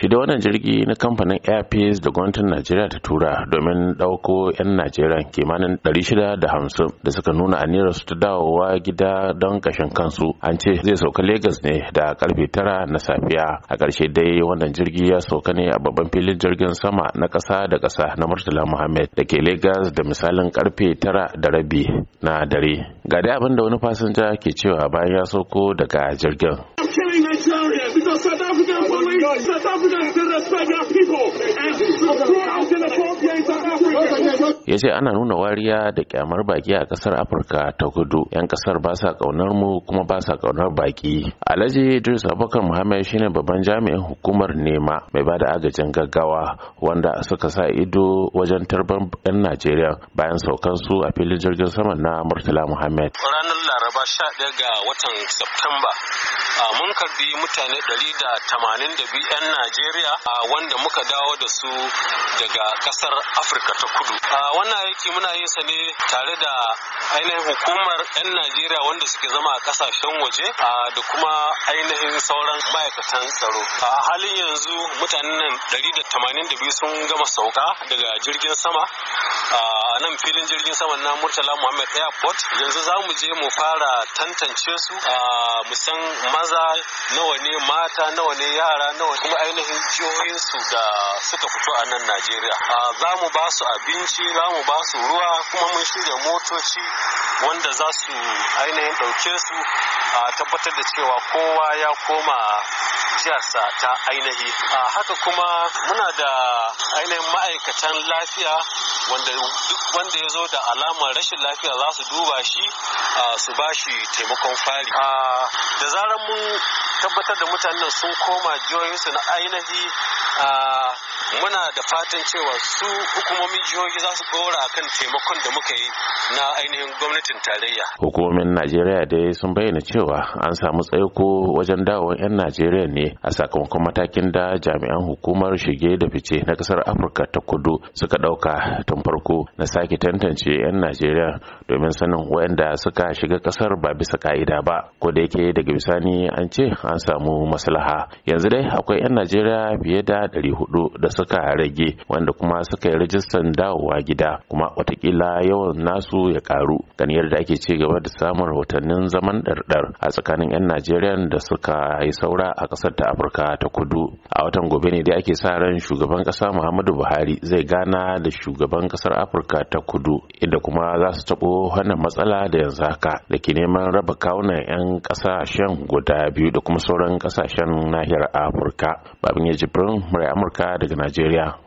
shi da wannan jirgi na kamfanin airpeace da gwamnatin najeriya ta tura domin ɗauko 'yan najeriya kimanin 650 da suka nuna aniyar su ta dawowa gida don kashin kansu an ce zai sauka Legas ne da karfe 9 na safiya a ƙarshe dai wannan jirgi ya sauka ne a babban filin jirgin sama na ƙasa da ƙasa na murtala muhammad da ke Legas da misalin karfe 9 da rabi na dare ga dai abin da wani fasinja ke cewa bayan ya sauko daga jirgin God. South Africa is going respect our people and support ya ce ana nuna wariya da kyamar baki a kasar afirka ta kudu yan kasar ba sa kaunar mu kuma ba sa kaunar baki alhaji idris abubakar muhammad shine babban jami'in hukumar nema mai bada agajin gaggawa wanda suka sa ido wajen tarban yan najeriya bayan saukan su a filin jirgin sama na murtala muhammad ranar laraba sha 11 ga watan Septemba mun karbi mutane 182 'yan Najeriya wanda muka dawo da su daga kasar Afirka ta kudu. wannan aiki muna yin sa ne tare da ainihin hukumar 'yan Najeriya wanda suke zama a kasashen waje da kuma ainihin sauran ma'aikatan tsaro. A halin yanzu mutanen nan 182 sun gama sauka daga jirgin sama a nan filin jirgin sama na Murtala Muhammad Airport. Yanzu za mu je mu fara tantance su a musan maza nawa ne mata nawa ne yara nawa kuma ainihin jihohinsu da suka fito a nan Najeriya. Za mu ba su abinci za mu ba su ruwa kuma mun shirya motoci wanda za su ainihin ɗauke su a tabbatar da cewa kowa ya koma sa ta ainihi haka kuma muna da ainihin ma'aikatan lafiya wanda wanda ya zo da alamar rashin lafiya za su duba shi su ba shi taimakon fari da zarar mun tabbatar da mutanen sun koma jihohinsu na ainihi muna da fatan cewa su hukumomin jihohi za su a kan taimakon da muka yi na ainihin gwamnatin tarayya hukumomin najeriya dai sun bayyana cewa an samu tsaiko wajen dawowar 'yan najeriya ne a sakamakon matakin da jami'an hukumar shige da fice na kasar afirka ta kudu suka ɗauka tun farko na sake tantance 'yan najeriya domin sanin waɗanda suka shiga kasar ba bisa ka'ida ba ko da yake daga bisani an ce an samu maslaha yanzu dai akwai 'yan najeriya fiye da hudu da suka rage wanda kuma suka yi rajistan dawowa gida kuma watakila yawan nasu ya karu ganiyar da ake ci gaba da samun rahotannin zaman ɗarɗar a tsakanin 'yan najeriya da suka yi saura a ƙasar ta afirka ta kudu a watan gobe ne dai ake sa ran shugaban ƙasa muhammadu buhari zai gana da shugaban ƙasar afirka ta kudu inda kuma za su taɓo wannan matsala da yanzu haka da ke neman raba kawunan 'yan ƙasashen guda biyu da kuma sauran kasashen nahiyar afirka babin ya jibrin murai amurka daga najeriya